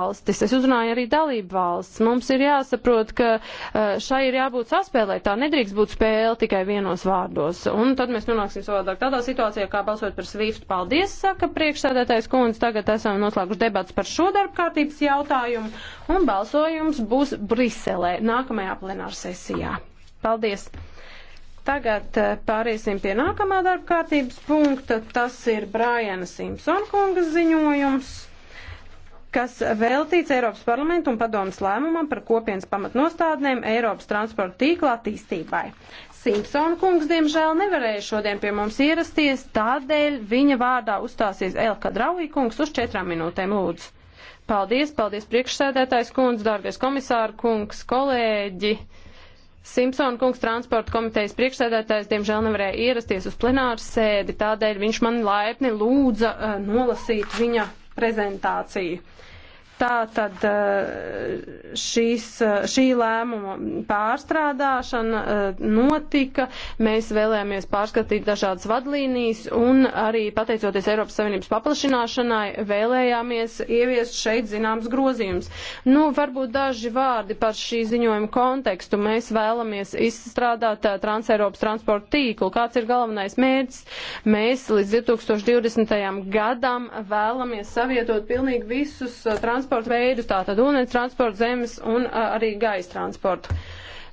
valstis, es uzrunāju arī dalību valsts. Mums ir jāsaprot, ka eh, šai ir jābūt saspēlē, tā nedrīkst būt spēle tikai vienos vārdos. Un tad mēs nonāksim savādāk tādā situācijā, kā balsot par SWIFT. Paldies, saka priekšsēdētājs kundze. Tagad esam noslēguši debats par šo darbkārtības jautājumu, un balsojums būs Briselē nākamajā plenāra sesijā. Paldies! Tagad eh, pāriesim pie nākamā darbkārtības punkta. Tas ir Brājana Simpsonkungas ziņojums kas veltīts Eiropas parlamentu un padomas lēmumam par kopienas pamatnostādnēm Eiropas transporta tīkla attīstībai. Simpsona kungs, diemžēl, nevarēja šodien pie mums ierasties, tādēļ viņa vārdā uzstāsies Elka Drauji kungs uz četrām minūtēm lūdzu. Paldies, paldies priekšsēdētājs kungs, dārgais komisāra kungs, kolēģi. Simpsona kungs transporta komitejas priekšsēdētājs diemžēl nevarēja ierasties uz plenāru sēdi, tādēļ viņš man laipni lūdza uh, nolasīt viņa prezentāciju. Tā tad eh, šīs, eh, šī lēmuma pārstrādāšana eh, notika. Mēs vēlējāmies pārskatīt dažādas vadlīnijas un arī pateicoties Eiropas Savienības paplašināšanai vēlējāmies ieviest šeit zināms grozījums. Nu, varbūt daži vārdi par šī ziņojuma kontekstu. Mēs vēlamies izstrādāt Transeiropas transporta tīklu. Kāds ir galvenais mērķis? Mēs līdz 2020. gadam vēlamies savietot pilnīgi visus transporta transporta veidus, tātad ūdens transportu, zemes un arī gaisa transportu.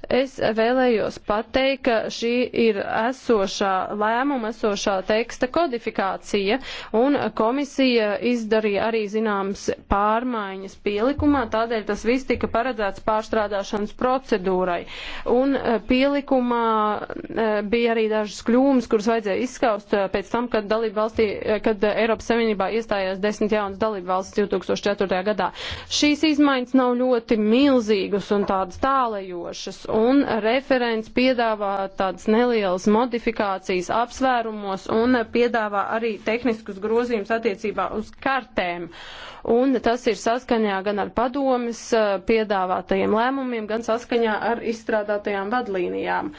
Es vēlējos pateikt, ka šī ir esošā lēmuma, esošā teksta kodifikācija, un komisija izdarīja arī zināmas pārmaiņas pielikumā, tādēļ tas viss tika paredzēts pārstrādāšanas procedūrai. Un eh, pielikumā eh, bija arī dažas kļūmes, kuras vajadzēja izskaust eh, pēc tam, kad, valstī, kad Eiropas Savienībā iestājās desmit jaunas dalību valsts 2004. gadā. Šīs izmaiņas nav ļoti milzīgas un tādas tālajošas un referents piedāvā tādas nelielas modifikācijas apsvērumos un piedāvā arī tehniskus grozījumus attiecībā uz kartēm. Un tas ir saskaņā gan ar padomis eh, piedāvātajiem lēmumiem, gan saskaņā ar izstrādātajām vadlīnijām.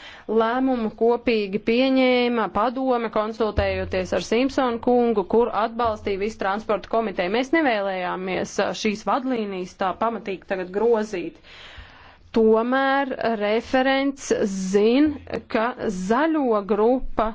Lēmumu kopīgi pieņēma padome, konsultējoties ar Simpsonu kungu, kur atbalstīja visu transporta komiteju. Mēs nevēlējāmies eh, šīs vadlīnijas tā pamatīgi tagad grozīt. Uh, Tomēr referents zin, ka zaļo grupa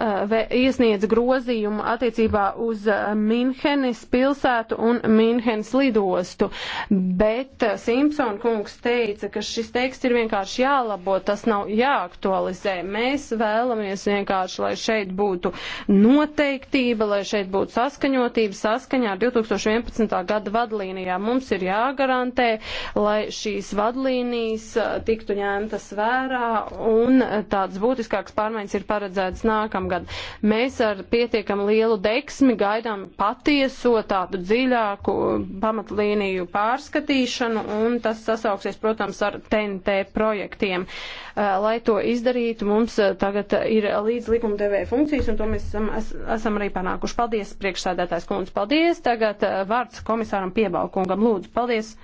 Eh, iesniedz grozījumu attiecībā uz Minhenes pilsētu un Minhenes lidostu, bet eh, Simpson kungs teica, ka šis teksts ir vienkārši jālabo, tas nav jāaktualizē. Mēs vēlamies vienkārši, lai šeit būtu noteiktība, lai šeit būtu saskaņotība saskaņā ar 2011. gada vadlīnijām. Mums ir jāgarantē, lai šīs vadlīnijas eh, tiktu ņemtas vērā un tāds būtiskāks pārmaiņas ir paredzēts nākamajā gadu. Mēs ar pietiekam lielu deksmi gaidām patieso tādu dziļāku um, pamatlīniju pārskatīšanu, un tas sasauksies, protams, ar TNT projektiem. Uh, lai to izdarītu, mums uh, tagad ir līdz likumdevēja funkcijas, un to mēs esam, esam arī panākuši. Paldies, priekšsēdētājs kundze, paldies. Tagad uh, vārds komisāram Piebalkungam. Lūdzu, paldies.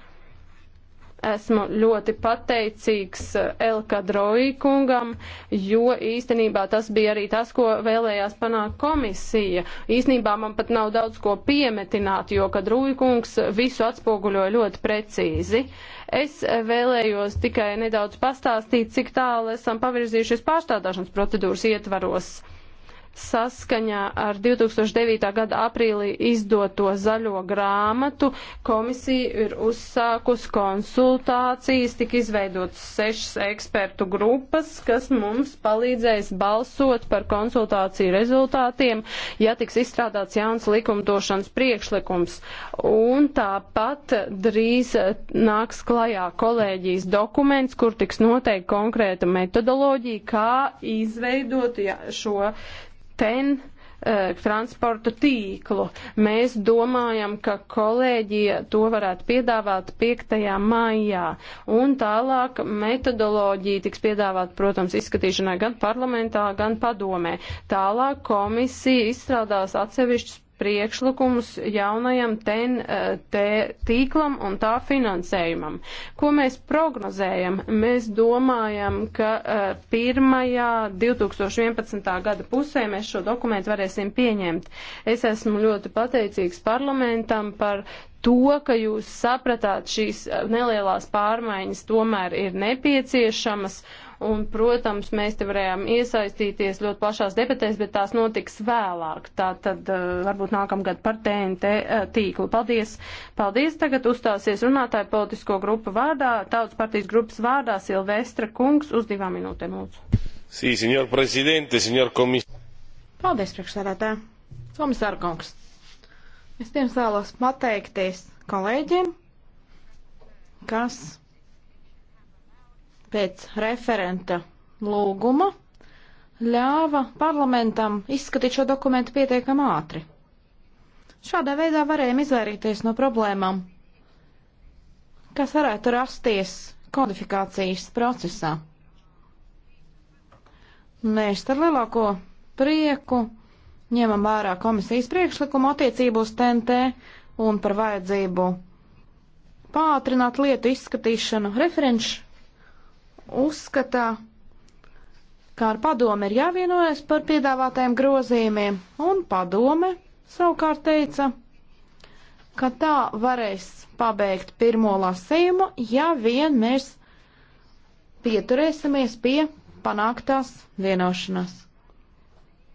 Esmu ļoti pateicīgs eh, Elka Droji kungam, jo īstenībā tas bija arī tas, ko vēlējās panākt komisija. Īstenībā man pat nav daudz ko piemetināt, jo Kadroji kungs visu atspoguļoja ļoti precīzi. Es vēlējos tikai nedaudz pastāstīt, cik tālu esam pavirzījušies pārstādāšanas procedūras ietvaros. Saskaņā ar 2009. gada aprīlī izdoto zaļo grāmatu komisija ir uzsākus konsultācijas, tik izveidotas sešas ekspertu grupas, kas mums palīdzēs balsot par konsultāciju rezultātiem, ja tiks izstrādāts jauns likumdošanas priekšlikums. Un tāpat drīz nāks klajā kolēģijas dokuments, kur tiks noteikti konkrēta metodoloģija, kā izveidot ja, šo ten eh, transporta tīklu. Mēs domājam, ka kolēģija to varētu piedāvāt 5. maijā. Un tālāk metodoloģija tiks piedāvāt, protams, izskatīšanai gan parlamentā, gan padomē. Tālāk komisija izstrādās atsevišķus priekšlikumus jaunajam ten, eh, te, tīklam un tā finansējumam. Ko mēs prognozējam? Mēs domājam, ka eh, pirmajā 2011. gada pusē mēs šo dokumentu varēsim pieņemt. Es esmu ļoti pateicīgs parlamentam par to, ka jūs sapratāt šīs eh, nelielās pārmaiņas tomēr ir nepieciešamas Un, protams, mēs te varējām iesaistīties ļoti plašās debatēs, bet tās notiks vēlāk. Tā tad eh, varbūt nākamgad par TNT eh, tīklu. Paldies! Paldies! Tagad uzstāsies runātāja politisko grupu vārdā, tautas partijas grupas vārdā Silvestra Kungs uz divām minūtēm lūdzu. Sī, sí, senjor prezidente, senjor komis. Paldies, priekšsēdētāji! Komisāra Kungs! Es pirms vēlos pateikties kolēģiem, kas pēc referenta lūguma ļāva parlamentam izskatīt šo dokumentu pietiekam ātri. Šādā veidā varējām izvairīties no problēmām, kas varētu rasties kodifikācijas procesā. Mēs ar lielāko prieku ņemam vērā komisijas priekšlikumu attiecību uz TNT un par vajadzību pātrināt lietu izskatīšanu. Referenčs uzskata, ka ar padome ir jāvienojas par piedāvātajiem grozījumiem, un padome savukārt teica, ka tā varēs pabeigt pirmo lasījumu, ja vien mēs pieturēsimies pie panāktās vienošanās.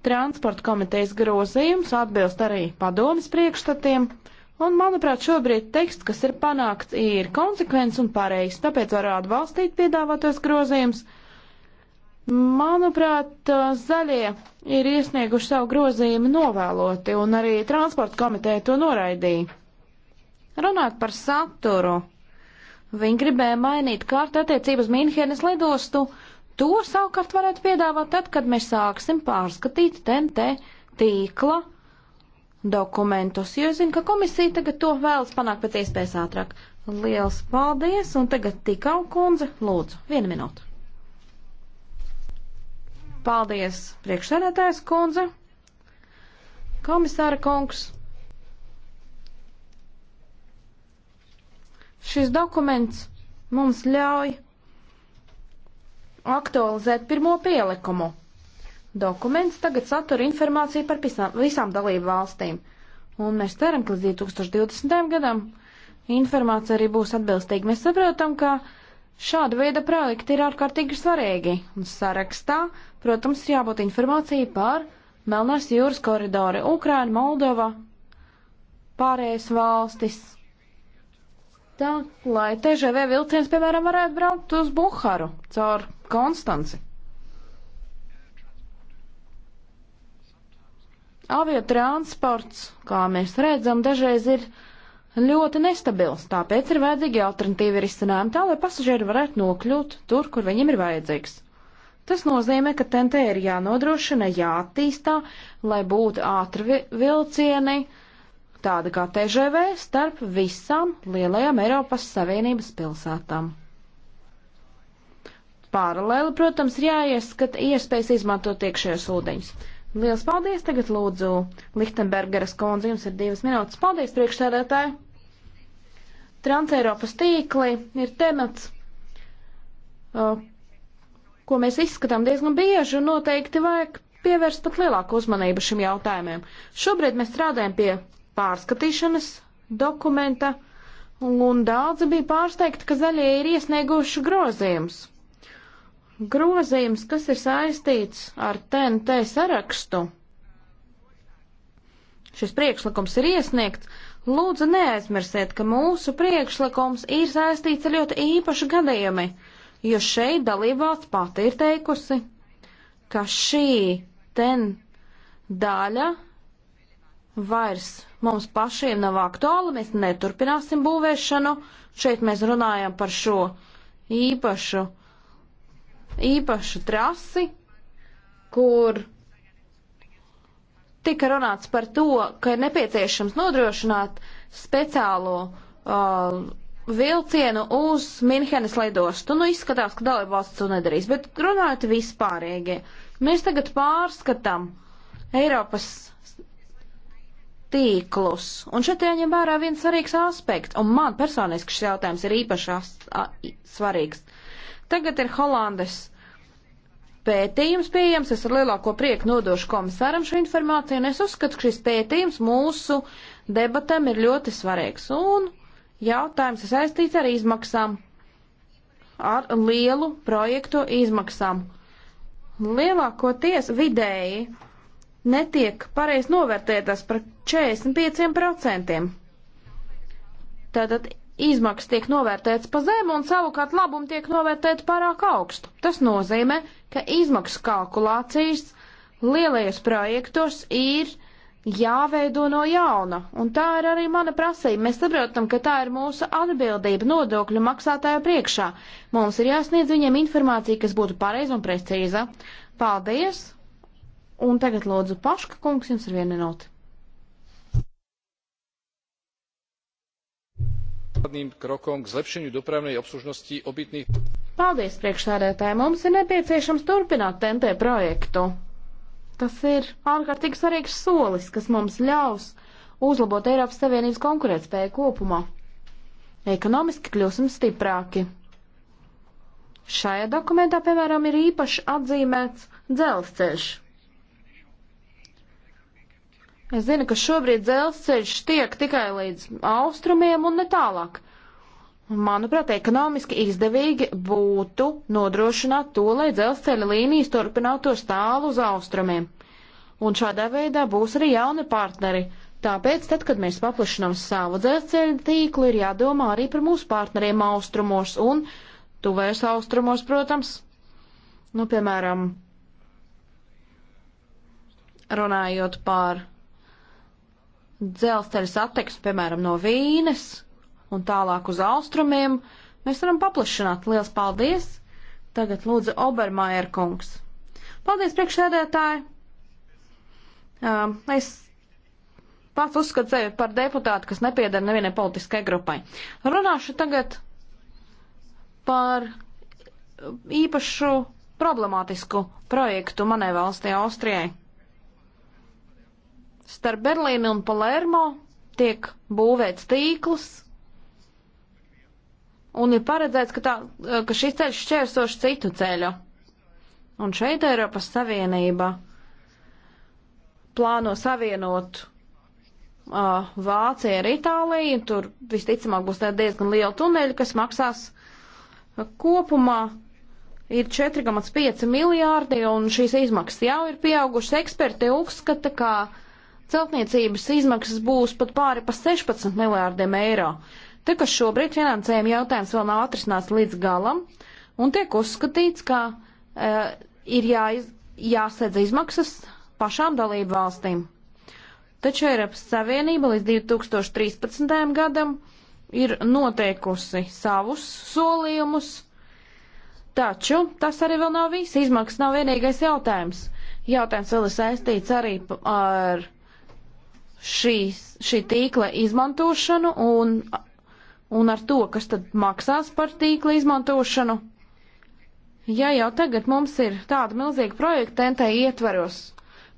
Transporta komitejas grozījums atbilst arī padomas priekšstatiem, Un, manuprāt, šobrīd teksts, kas ir panākts, ir konsekvents un pareizs, tāpēc varu atbalstīt piedāvātos grozījumus. Manuprāt, zaļie ir iesnieguši savu grozījumu novēloti, un arī transporta komiteja to noraidīja. Runāt par saturu. Viņi gribēja mainīt kārtu attiecības Mīnhenes lidostu. To savukārt varētu piedāvāt tad, kad mēs sāksim pārskatīt TNT tīkla dokumentus, jo es zinu, ka komisija tagad to vēlas panākt pēc iespējas ātrāk. Liels paldies, un tagad tikau kundze, lūdzu, vienu minūtu. Paldies, priekšsēdētājs kundze, komisāra kungs. Šis dokuments mums ļauj aktualizēt pirmo pielikumu Dokuments tagad satura informāciju par visām, visām dalību valstīm, un mēs ceram, ka līdz 2020. gadam informācija arī būs atbilstīga. Mēs saprotam, ka šāda veida projekti ir ārkārtīgi svarīgi, un sarakstā, protams, jābūt informācija par Melnās jūras koridori Ukraina, Moldova, pārējais valstis. Tā, lai TŽV vilciens, piemēram, varētu braukt uz Buharu caur Konstanci. aviotransports, kā mēs redzam, dažreiz ir ļoti nestabils, tāpēc ir vajadzīgi alternatīvi risinājumi tā, lai pasažieri varētu nokļūt tur, kur viņiem ir vajadzīgs. Tas nozīmē, ka TNT ir jānodrošina, jāattīstā, lai būtu ātri vilcieni, tāda kā TŽV, starp visām lielajām Eiropas Savienības pilsētām. Paralēli, protams, ir jāieskat iespējas izmantot iekšējos ūdeņus. Liels paldies! Tagad lūdzu Lichtenbergeras kundze, jums ir divas minūtes. Paldies, priekšsēdētāji! Transeiropas tīkli ir temats, ko mēs izskatām diezgan bieži un noteikti vajag pievērst pat lielāku uzmanību šim jautājumiem. Šobrīd mēs strādājam pie pārskatīšanas dokumenta un daudzi bija pārsteigti, ka zaļie ir iesnieguši grozījumus grozījums, kas ir saistīts ar TNT sarakstu. Šis priekšlikums ir iesniegts. Lūdzu, neaizmirsiet, ka mūsu priekšlikums ir saistīts ar ļoti īpašu gadījumi, jo šeit dalībvalsts pati ir teikusi, ka šī ten daļa vairs mums pašiem nav aktuāla, mēs neturpināsim būvēšanu. Šeit mēs runājam par šo īpašu īpašu trasi, kur tika runāts par to, ka ir nepieciešams nodrošināt speciālo uh, vilcienu uz Minhenes lidostu. Nu, izskatās, ka dalībvalsts to nedarīs, bet runājot vispārīgi, mēs tagad pārskatām Eiropas tīklus. Un šeit jāņem vērā viens svarīgs aspekts, un man personiski šis jautājums ir īpaši svarīgs. Tagad ir Holandes pētījums pieejams. Es ar lielāko prieku nodošu komisāram šo informāciju, un es uzskatu, ka šis pētījums mūsu debatēm ir ļoti svarīgs. Un jautājums ir saistīts ar izmaksām, ar lielu projektu izmaksām. Lielākoties vidēji netiek pareiz novērtētas par 45%. Tātad izmaksas tiek novērtētas pa zemu un savukārt labumi tiek novērtēti pārāk augstu. Tas nozīmē, ka izmaksu kalkulācijas lielajos projektos ir jāveido no jauna, un tā ir arī mana prasība. Mēs saprotam, ka tā ir mūsu atbildība nodokļu maksātāju priekšā. Mums ir jāsniedz viņiem informācija, kas būtu pareiza un precīza. Paldies! Un tagad lūdzu Paška kungs, jums ir viena minūte. základným krokom k zlepšeniu dopravnej obslužnosti obytných. Paldies, priekšsēdētāji. Mums ir nepieciešams turpināt TNT projektu. Tas ir ārkārtīgi svarīgs solis, kas mums ļaus uzlabot Eiropas Savienības konkurētspēju kopumā. Ekonomiski kļūsim stiprāki. Šajā dokumentā, piemēram, ir īpaši atzīmēts dzelzceļš. Es zinu, ka šobrīd dzelzceļš tiek tikai līdz austrumiem un ne tālāk. Manuprāt, ekonomiski izdevīgi būtu nodrošināt to, lai dzelzceļa līnijas turpinātos tālu uz austrumiem. Un šādā veidā būs arī jauni partneri. Tāpēc, tad, kad mēs paplašinām savu dzelzceļa tīklu, ir jādomā arī par mūsu partneriem austrumos un tuvēs austrumos, protams. Nu, piemēram, runājot par dzelzceļa satiksmi, piemēram, no Vīnes un tālāk uz austrumiem, mēs varam paplašināt. Lielas paldies! Tagad lūdzu Obermajer kungs. Paldies, priekšsēdētāji! Um, es pats uzskatu sevi par deputātu, kas nepiedara nevienai politiskai grupai. Runāšu tagad par īpašu problemātisku projektu manai valstī Austrijai starp Berlīni un Palermo tiek būvēts tīkls, un ir paredzēts, ka, tā, ka šis ceļš šķērsoši citu ceļu. Un šeit Eiropas Savienība plāno savienot uh, Vāciju ar Itāliju, tur visticamāk būs tāda diezgan liela tuneļa, kas maksās uh, kopumā ir 4,5 miljārdi, un šīs izmaksas jau ir pieaugušas. Eksperti uzskata, ka uh, celtniecības izmaksas būs pat pāri pa 16 miljārdiem eiro. Te, kas šobrīd finansējuma jautājums vēl nav atrisināts līdz galam, un tiek uzskatīts, ka uh, ir jāiz, jāsedz izmaksas pašām dalību valstīm. Taču Eiropas Savienība līdz 2013. gadam ir noteikusi savus solījumus, taču tas arī vēl nav viss. Izmaksas nav vienīgais jautājums. Jautājums vēl ir saistīts arī ar šīs, šī tīkla izmantošanu un, un ar to, kas tad maksās par tīkla izmantošanu. Ja jau tagad mums ir tāda milzīga projekta NTI ietveros,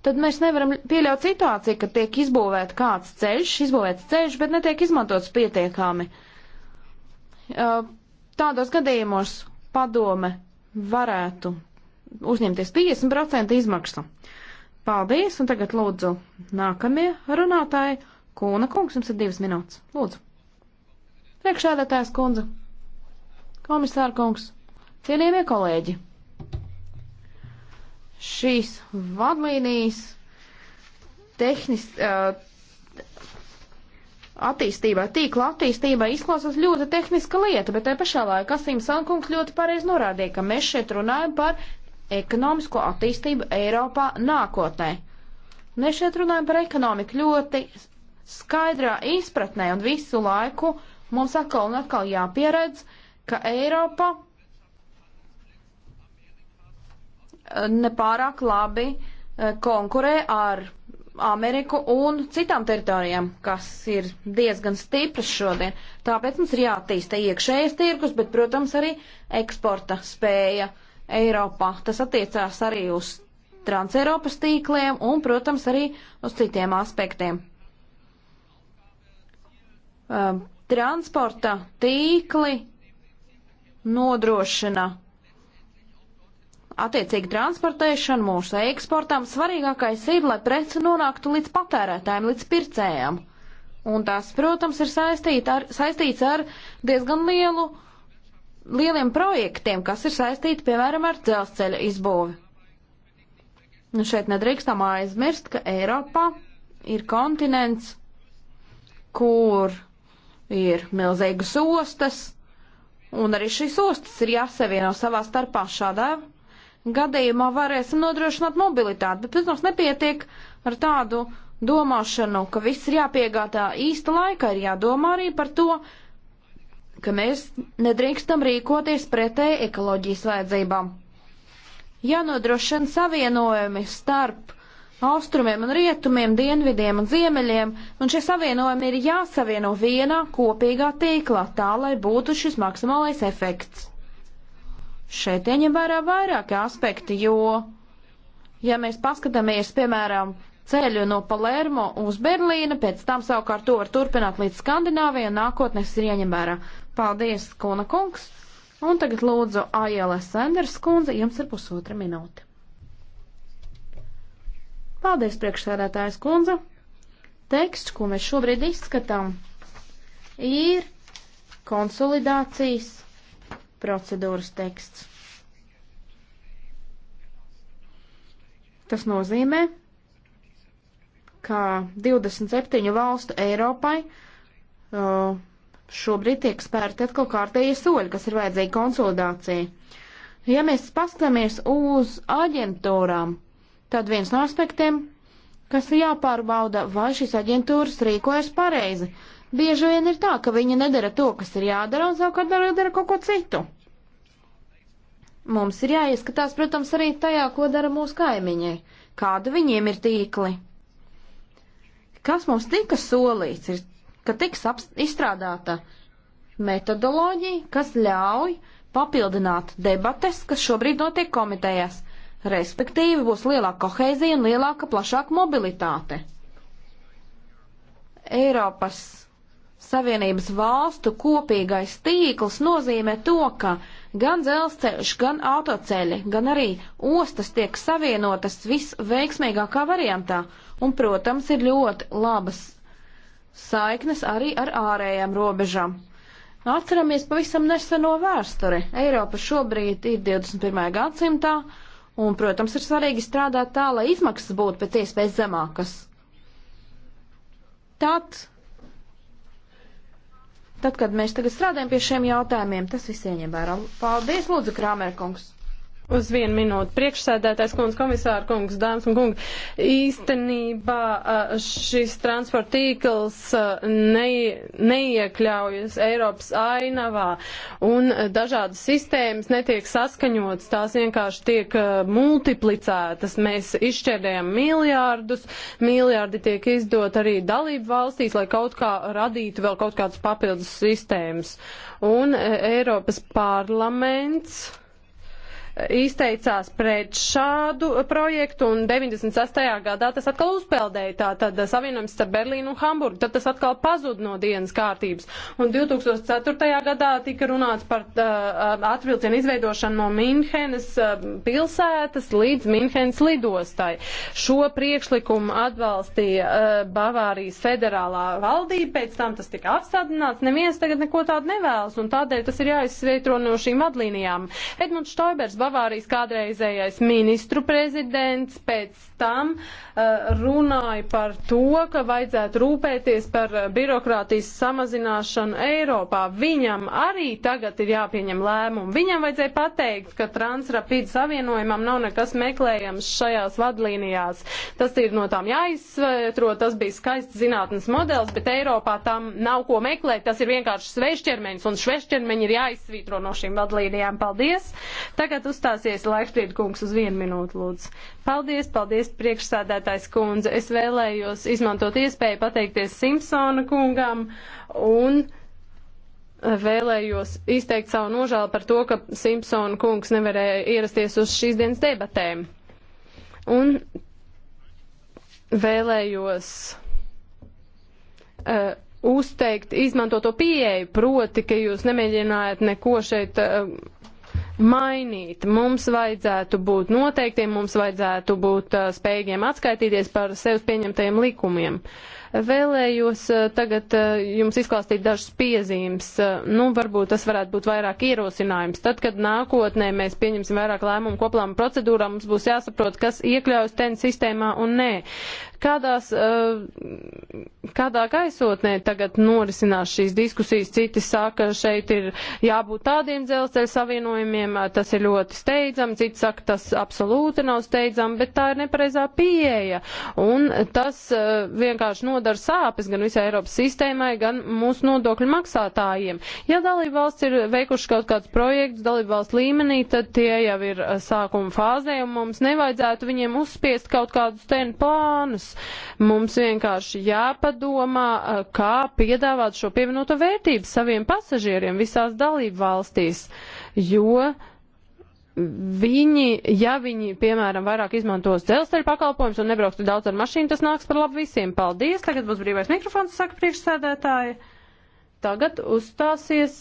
tad mēs nevaram pieļaut situāciju, ka tiek izbūvēts kāds ceļš, izbūvēts ceļš, bet netiek izmantots pietiekami. Tādos gadījumos padome varētu uzņemties 50% izmaksu. Paldies, un tagad lūdzu nākamie runātāji. Kūna kungs, jums ir divas minūtes. Lūdzu. Priekšēdētājs kundze. Komisāra kungs. Cienījamie kolēģi. Šīs vadlīnijas tehnis, uh, attīstībā, tīkla attīstībā izklausās ļoti tehniska lieta, bet te pašā laikā Simsankungs ļoti pareizi norādīja, ka mēs šeit runājam par ekonomisko attīstību Eiropā nākotnē. Mēs šeit runājam par ekonomiku ļoti skaidrā izpratnē un visu laiku mums atkal un atkal jāpieredz, ka Eiropa eh, nepārāk labi eh, konkurē ar Ameriku un citām teritorijām, kas ir diezgan stipras šodien. Tāpēc mums ir jātīsta iekšējais tirgus, bet, protams, arī eksporta spēja. Uh, Eiropā. Tas attiecās arī uz Transeiropas tīkliem un, protams, arī uz citiem aspektiem. Um, transporta tīkli nodrošina attiecīgi transportēšanu mūsu eksportām. Svarīgākais ir, lai preci nonāktu līdz patērētājiem, līdz pircējiem. Un tas, protams, ir saistīt ar, saistīts ar diezgan lielu uh, lieliem projektiem, kas ir saistīti, piemēram, ar dzelzceļa izbūvi. Nu, šeit nedrīkstam aizmirst, ka Eiropā ir kontinents, kur ir milzīgas ostas, un arī šīs ostas ir jāsavieno savā starpā šādā gadījumā varēsim nodrošināt mobilitāti, bet, protams, nepietiek ar tādu domāšanu, ka viss ir jāpiegādā īsta laikā, ir jādomā arī par to, ka mēs nedrīkstam rīkoties pretēji ekoloģijas vajadzībām. Jānodrošina savienojumi starp austrumiem un rietumiem, dienvidiem un ziemeļiem, un šie savienojumi ir jāsavieno vienā kopīgā tīklā, tā lai būtu šis maksimālais efekts. Šeit ieņem vērā vairāki aspekti, jo, ja mēs paskatāmies, piemēram, ceļu no Palermo uz Berlīnu, pēc tam savukārt to var turpināt līdz Skandināvijai, un nākotnes ir jāņem vērā. Paldies, Kona kungs! Un tagad lūdzu Aiela Sanders kundze, jums ir pusotra minūte. Paldies, priekšsēdētājas kundze! Teksts, ko mēs šobrīd izskatām, ir konsolidācijas procedūras teksts. Tas nozīmē, ka 27 valstu Eiropai uh, Šobrīd tiek spērti atkal kārtējie soļi, kas ir vajadzīgi konsolidācija. Ja mēs paskatāmies uz aģentūrām, tad viens no aspektiem, kas ir jāpārbauda, vai šīs aģentūras rīkojas pareizi. Bieži vien ir tā, ka viņi nedara to, kas ir jādara, un savukārt dara, dara kaut ko citu. Mums ir jāieskatās, protams, arī tajā, ko dara mūsu kaimiņai, kāda viņiem ir tīkli. Kas mums tika solīts, ir ka tiks izstrādāta metodoloģija, kas ļauj papildināt debates, kas šobrīd notiek komitejās. Respektīvi būs lielāka koheizija un lielāka plašāka mobilitāte. Eiropas Savienības valstu kopīgais tīkls nozīmē to, ka gan dzelzceļš, gan autoceļi, gan arī ostas tiek savienotas visveiksmīgākā variantā, un, protams, ir ļoti labas saiknes arī ar ārējām robežām. Atceramies pavisam neseno vēsturi. Eiropa šobrīd ir 21. gadsimtā, un, protams, ir svarīgi strādāt tā, lai izmaksas būtu pēc iespējas zemākas. Tad, tad, kad mēs tagad strādājam pie šiem jautājumiem, tas viss ieņem vērā. Paldies, Lūdzu, Krāmerkungs! Uz vienu minūti. Priekšsēdētājs kungs, komisāra kungs, dāmas un kungi. Īstenībā šis transporta tīkls ne, neiekļaujas Eiropas ainavā un dažādas sistēmas netiek saskaņotas, tās vienkārši tiek multiplicētas. Mēs izšķērdējam miljārdus, miljārdi tiek izdot arī dalību valstīs, lai kaut kā radītu vēl kaut kādas papildus sistēmas. Un e, Eiropas parlaments izteicās pret šādu projektu, un 98. gadā tas atkal uzpeldēja tā, tad savienojums starp Berlīnu un Hamburgu, tad tas atkal pazuda no dienas kārtības. Un 2004. gadā tika runāts par uh, atvilcienu izveidošanu no Minhenes uh, pilsētas līdz Minhenes lidostai. Šo priekšlikumu atbalstīja uh, Bavārijas federālā valdība, pēc tam tas tika apstādināts, neviens tagad neko tādu nevēlas, un tādēļ tas ir jāizsveitro no šīm vadlīnijām. Edmunds Štoibers, Bavārijas kādreizējais ministru prezidents pēc tam uh, runāja par to, ka vajadzētu rūpēties par eh, birokrātijas samazināšanu Eiropā. Viņam arī tagad ir jāpieņem lēmumu. Viņam vajadzēja pateikt, ka transrapīdu savienojumam nav nekas meklējams šajās vadlīnijās. Tas ir no tām jāizsvētro, tas bija skaists zinātnes modelis, bet Eiropā tam nav ko meklēt. Tas ir vienkārši svešķermenis, un svešķermeņi ir jāizsvītro no šīm vadlīnijām. Paldies! Tagad uzstāsies Laifrīd kungs uz vienu minūtu, lūdzu. Paldies, paldies, priekšsādātājs kundze. Es vēlējos izmantot iespēju pateikties Simpsona kungam un vēlējos izteikt savu nožēlu par to, ka Simpsona kungs nevarēja ierasties uz šīs dienas debatēm. Un vēlējos uh, uzteikt, izmantot to pieeju, proti, ka jūs nemēģinājāt neko šeit uh, mainīt. Mums vajadzētu būt noteiktiem, mums vajadzētu būt uh, spējīgiem atskaitīties par sevis pieņemtajiem likumiem. Uh, Vēlējos eh, tagad eh, jums izklāstīt dažas piezīmes. Eh, nu, varbūt tas varētu būt vairāk ierosinājums. Tad, kad nākotnē mēs pieņemsim vairāk lēmumu koplām procedūrām, mums būs jāsaprot, kas iekļaujas ten sistēmā un nē. Kādās, kādā gaisotnē tagad norisinās šīs diskusijas? Citi saka, šeit ir jābūt tādiem dzelzceļa savienojumiem, tas ir ļoti steidzami, citi saka, tas absolūti nav steidzami, bet tā ir nepareizā pieeja. Un tas vienkārši nodrošina nodara sāpes gan visai Eiropas sistēmai, gan mūsu nodokļu maksātājiem. Ja dalība valsts ir veikuši kaut kādus projektus dalība valsts līmenī, tad tie jau ir eh, sākuma fāzē, un mums nevajadzētu viņiem uzspiest kaut kādus ten plānus. Mums vienkārši jāpadomā, eh, kā piedāvāt šo pievienoto vērtību saviem pasažieriem visās dalību valstīs, jo uh, viņi, ja viņi, piemēram, vairāk izmantos dzelzceļa pakalpojumus un nebrauks tik daudz ar mašīnu, tas nāks par labu visiem. Paldies! Tagad būs brīvais mikrofons, saka priekšsēdētāji. Tagad uzstāsies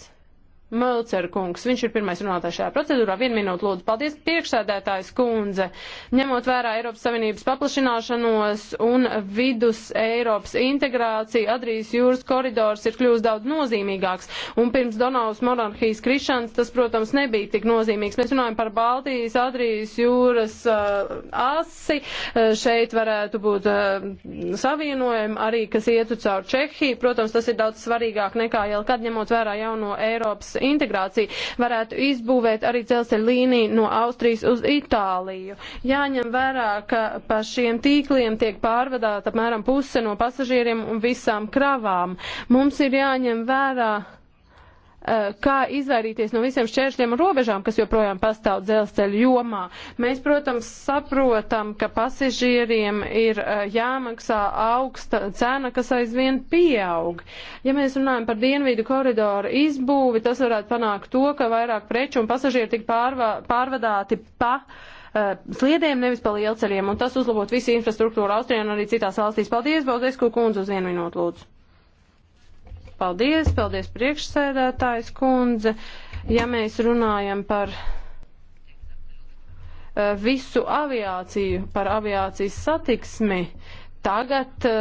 Mölcer kungs. Viņš ir pirmais runātājs šajā procedūrā. Vienu minūtu lūdzu. Paldies, priekšsēdētājs kundze. Ņemot vērā Eiropas Savienības paplašināšanos un vidus Eiropas integrāciju, Adrijas jūras koridors ir kļūst daudz nozīmīgāks. Un pirms Donavas monarhijas krišanas tas, protams, nebija tik nozīmīgs. Mēs runājam par Baltijas, Adrijas jūras uh, asi. Uh, šeit varētu būt uh, savienojumi arī, kas ietu caur Čehiju. Protams, tas ir daudz svarīgāk nekā jau kad ņemot vērā jauno Eiropas integrāciju. Varētu izbūvēt arī dzelzceļa līniju no Austrijas uz Itāliju. Jāņem vērā, ka pa šiem tīkliem tiek pārvadāta apmēram puse no pasažieriem un visām kravām. Mums ir jāņem vērā Eh, kā izvairīties no visiem šķēršļiem un robežām, kas joprojām pastāv dzelzceļa jomā. Mēs, protams, saprotam, ka pasažieriem ir eh, jāmaksā augsta cena, kas aizvien pieaug. Ja mēs runājam par dienvidu koridoru izbūvi, tas varētu panākt to, ka vairāk preču un pasažieru tik pārva pārvadāti pa eh, sliedēm, nevis pa lielceļiem, un tas uzlabot visu infrastruktūru Austrijā un arī citās valstīs. Paldies, Baldesku kundze, uz vienu minūtu lūdzu paldies, paldies priekšsēdētājs kundze. Ja mēs runājam par eh, visu aviāciju, par aviācijas satiksmi, tagad, eh,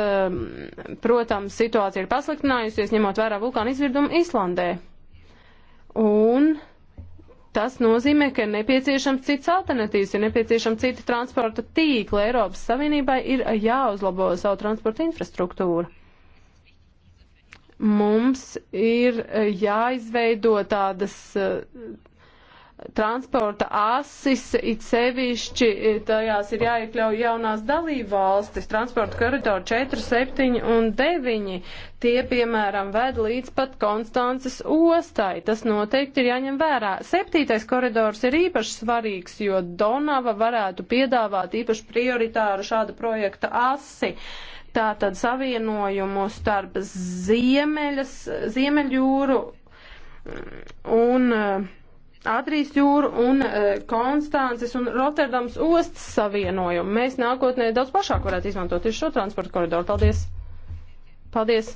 protams, situācija ir pasliktinājusies, ņemot vērā vulkāna izvirdumu Islandē. Un Tas nozīmē, ka ir nepieciešams cits alternatīvs, ir nepieciešama cita transporta tīkla. Eiropas Savienībai ir jāuzlabo savu transporta infrastruktūru mums ir eh, jāizveido tādas eh, transporta asis, it sevišķi eh, tajās ir jāiekļauj jaunās dalībvalstis, transporta koridori 4, 7 un 9. Tie, piemēram, ved līdz pat Konstances ostai. Tas noteikti ir jāņem vērā. Septītais koridors ir īpaši svarīgs, jo Donava varētu piedāvāt īpaši prioritāru šāda projekta asi. Uh, tātad savienojumu starp ziemeļas, ziemeļjūru un eh, Adrijas jūru un eh, Konstances un Rotterdams ostas savienojumu. Mēs nākotnē daudz plašāk varētu izmantot tieši šo transporta koridoru. Paldies! Paldies!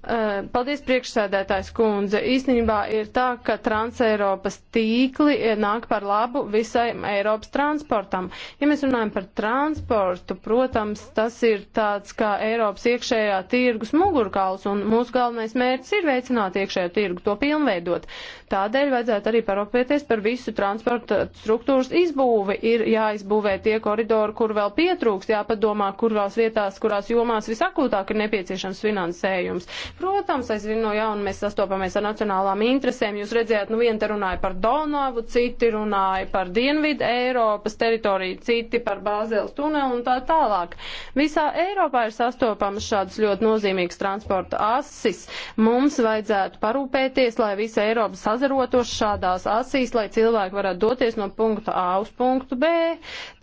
Eh, paldies, priekšsēdētājs kundze. Īstenībā ir tā, ka transeiropas tīkli eh, nāk par labu visam Eiropas transportam. Ja mēs runājam par transportu, protams, tas ir tāds kā Eiropas iekšējā tirgus mugurkauls, un mūsu galvenais mērķis ir veicināt iekšējo tirgu, to pilnveidot. Tādēļ vajadzētu arī parūpēties par visu transporta struktūras izbūvi. Ir jāizbūvē tie koridori, kur vēl pietrūks, jāpadomā, kurās vietās, kurās jomās visakūtāk ir nepieciešams finansējums Protams, aizvien no jauna mēs sastopamies ar nacionālām interesēm. Jūs redzējāt, nu viena te runāja par Donavu, citi runāja par Dienvidu Eiropas teritoriju, citi par Bāzeles tunelu un tā tālāk. Visā Eiropā ir sastopamas šādas ļoti nozīmīgas transporta asis. Mums vajadzētu parūpēties, lai visa Eiropa sazarotos šādās asīs, lai cilvēki varētu doties no punkta A uz punktu B.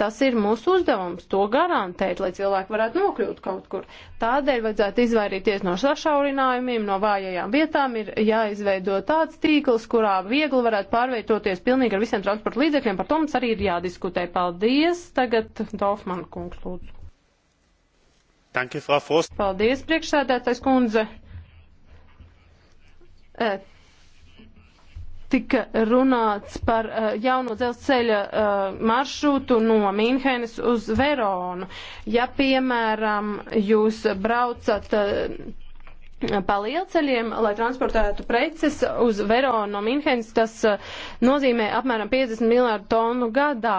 Tas ir mūsu uzdevums to garantēt, lai cilvēki varētu nokļūt kaut kur. Tādēļ vajadzētu izvairīties no sašaurinājuma risinājumiem, no vājajām vietām ir jāizveido tāds tīkls, kurā viegli varētu pārvietoties pilnīgi ar visiem transporta līdzekļiem. Par to mums arī ir jādiskutē. Paldies. Tagad Dofman kungs lūdzu. Danke, Frau Frost. Paldies, priekšsēdētais kundze. E, tika runāts par uh, jauno dzelzceļa uh, maršrutu no Mīnhenes uz Veronu. Ja, piemēram, jūs braucat. Uh, pa lielceļiem, lai transportētu preces uz Veronu no Minhenes, tas uh, nozīmē apmēram 50 miljārdu tonu gadā.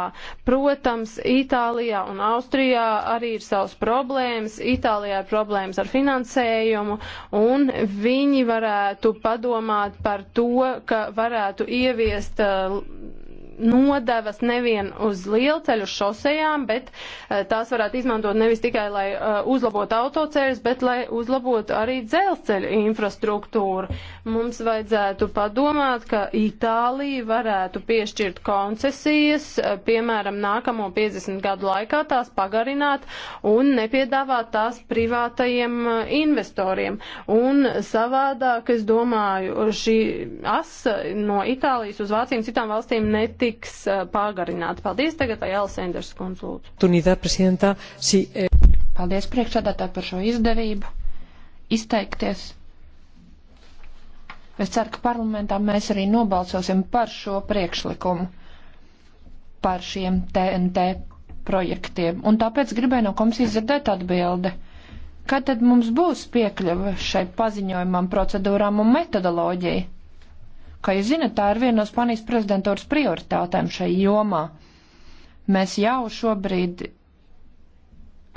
Protams, Itālijā un Austrijā arī ir savas problēmas. Itālijā ir problēmas ar finansējumu, un viņi varētu padomāt par to, ka varētu ieviest uh, nodevas nevien uz lielceļu šosejām, bet eh, tās varētu izmantot nevis tikai, lai eh, uzlabotu autoceļus, bet lai uzlabotu arī dzelzceļu infrastruktūru. Mums vajadzētu padomāt, ka Itālija varētu piešķirt koncesijas, eh, piemēram, nākamo 50 gadu laikā tās pagarināt un nepiedāvāt tās privātajiem investoriem. Un savādāk, es domāju, šī asa no Itālijas uz Vācijām citām valstīm netiek tiks pagarināta. Paldies tagad, vai Jālis Enders kundz lūdzu. Tunītā, prezidentā, si, e... Paldies priekšsādātāji par šo izdevību izteikties. Es ceru, ka parlamentā mēs arī nobalsosim par šo priekšlikumu, par šiem TNT projektiem. Un tāpēc gribēju no komisijas dzirdēt atbildi. Kad tad mums būs piekļuva šai paziņojumam, procedūrām un metodoloģijai? Kā jūs zinat, tā ir viena no Spānijas prezidentūras prioritātēm šai jomā. Mēs jau šobrīd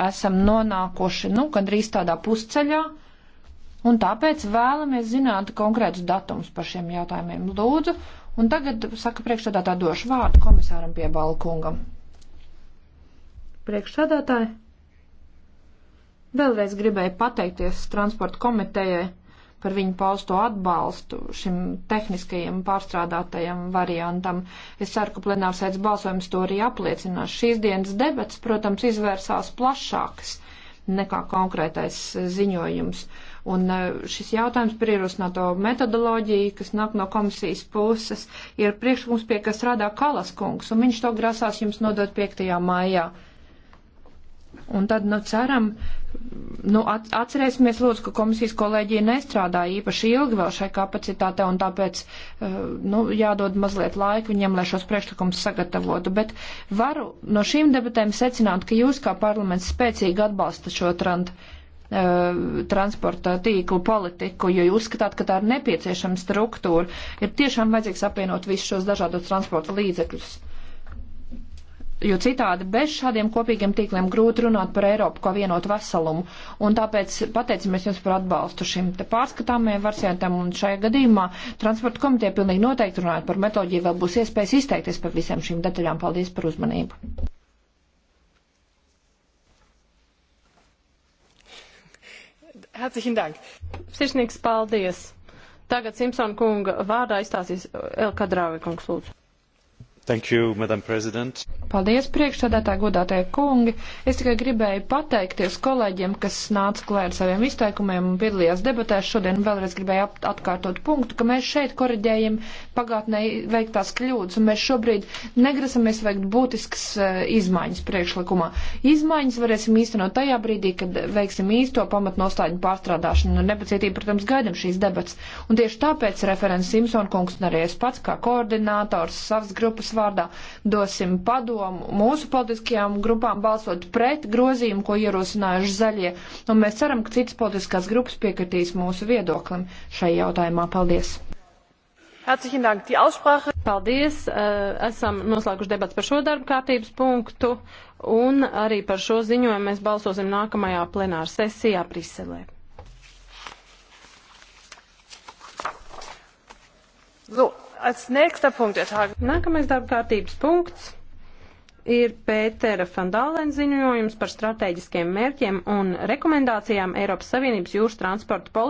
esam nonākuši, nu, gandrīz tādā pusceļā, un tāpēc vēlamies zināt konkrētus datumus par šiem jautājumiem. Lūdzu, un tagad saka priekšsādātā došu vārdu komisāram pie balkungam. Priekšsādātāji, vēlreiz gribēju pateikties transporta komitejai par viņu pausto atbalstu šim tehniskajam pārstrādātajam variantam. Es ceru, ka plenārsēdz balsojums to arī apliecinās. Šīs dienas debats, protams, izvērsās plašākas nekā konkrētais ziņojums. Un e, šis jautājums par ierosināto metodoloģiju, kas nāk no komisijas puses, ir priekšlikums, pie kas strādā Kalas kungs, un viņš to grasās jums nodot 5. maijā. Un tad, nu, ceram, nu, at, atcerēsimies, lūdzu, ka komisijas kolēģija nestrādā īpaši ilgi vēl šai kapacitātei, un tāpēc, uh, nu, jādod mazliet laika viņiem, lai šos priekšlikumus sagatavotu. Bet varu no šīm debatēm secināt, ka jūs kā parlaments spēcīgi atbalsta šo trend eh, transporta tīklu politiku, jo jūs skatāt, ka tā ir nepieciešama struktūra, ir tiešām vajadzīgs apvienot visus šos dažādos transporta līdzekļus jo citādi bez šādiem kopīgiem tīkliem grūti runāt par Eiropu kā vienotu veselumu. Un tāpēc pateicamies jums par atbalstu šim te pārskatāmajiem versijantiem. Un šajā gadījumā transporta komiteja pilnīgi noteikti runājot par metoloģiju vēl būs iespējas izteikties par visiem šīm detaļām. Paldies par uzmanību. Herzlichen Dank. Sirsnīgs paldies. Tagad Simpsona kunga vārdā izstāsīs Elka Drāvi kungs lūdzu. You, Paldies, priekšsādātā godātie kungi. Es tikai gribēju pateikties kolēģiem, kas nāca klāt ar saviem izteikumiem un piedalījās debatēs. Šodien vēlreiz gribēju atkārtot punktu, ka mēs šeit korģējam pagātnē veiktās kļūdas, un mēs šobrīd negrasamies veikt būtiskas uh, izmaiņas priekšlikumā. Izmaiņas varēsim īstenot tajā brīdī, kad veiksim īsto pamatnostāļu pārstrādāšanu. Un nu, nepacietību, protams, gaidam šīs debats. Un tieši tāpēc referents Simpson kungs un arī es pats kā koordinātors savas grupas vārdā dosim padomu mūsu politiskajām grupām balsot pret grozījumu, ko ierosinājuši zaļie, un mēs ceram, ka citas politiskās grupas piekritīs mūsu viedoklim šai jautājumā. Paldies! Paldies! Eh, esam noslēguši debats par šo darbu kārtības punktu, un arī par šo ziņojumu mēs balsosim nākamajā plenāra sesijā Briselē. So, Nākamais darba kārtības punkts ir Pētera Fandālēna ziņojums par strateģiskiem mērķiem un rekomendācijām Eiropas Savienības jūras transporta politikā.